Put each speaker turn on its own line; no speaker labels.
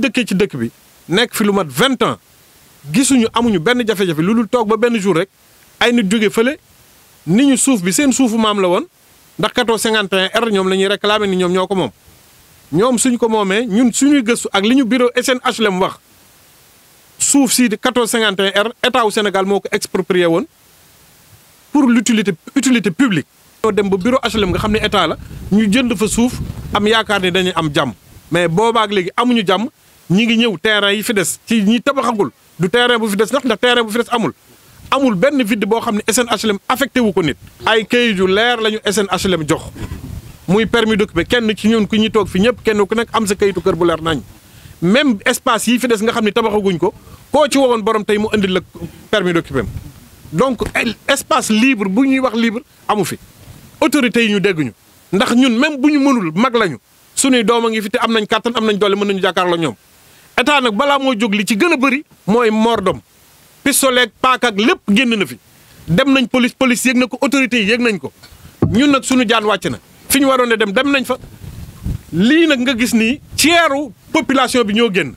lu dëkkee ci dëkk bi nekk fi lu mat vingt ans gisuñu amuñu benn jafe-jafe lu dul toog ba benn jour rek ay nit jóge fële ni ñu suuf bi seen suufu maam la woon ndax 1451 R ñoom la ñuy réclamer ni ñoom ñoo ko moom. ñoom suñ ko moomee ñun suñuy gëstu ak li ñu bureau SNHLM wax suuf sii di 1451 R état wu Sénégal moo ko exproprié woon pour l'utilité utilité publique. ñoo dem ba bureau HLM nga xam ne état la ñu jënd fa suuf am yaakaar ni dañuy am jàmm mais boobaak léegi amuñu jàmm. ñi ngi ñëw terrain yi fi des ci ñi tabaxagul du terrain bu fi des ndax ndax terrain bu fi des amul amul benn vide boo xam ne SNHLM affecté wu ko nit. ay këyit yu leer la ñu SNHLM jox muy permis d'occuper kenn ci ñun ku ñu toog fi ñëpp kenn ku nekk am sa këyitu kër bu leer nañ même espace yi fi des nga xam ne tabaxaguñ ko koo ci wowoon borom tey mu indil la permis d'occuper donc espace libre bu ñuy wax libre amu fi autorités yi ñu dégg ndax ñun même bu ñu mënul mag lañu sunuy doom a ngi am nañ kàttan am nañ doole mën nañu jàkkaarloo ñoom. état nag balaa moo jóg li ci gën a bëri mooy mordom pistolet paak lépp génn na fi dem nañ police police yëg na ko autorités yi yëg nañ ko ñun nag suñu jaan wàcc na fi waroon a dem dem nañ fa lii nag nga gis nii ceeru population bi ñoo génn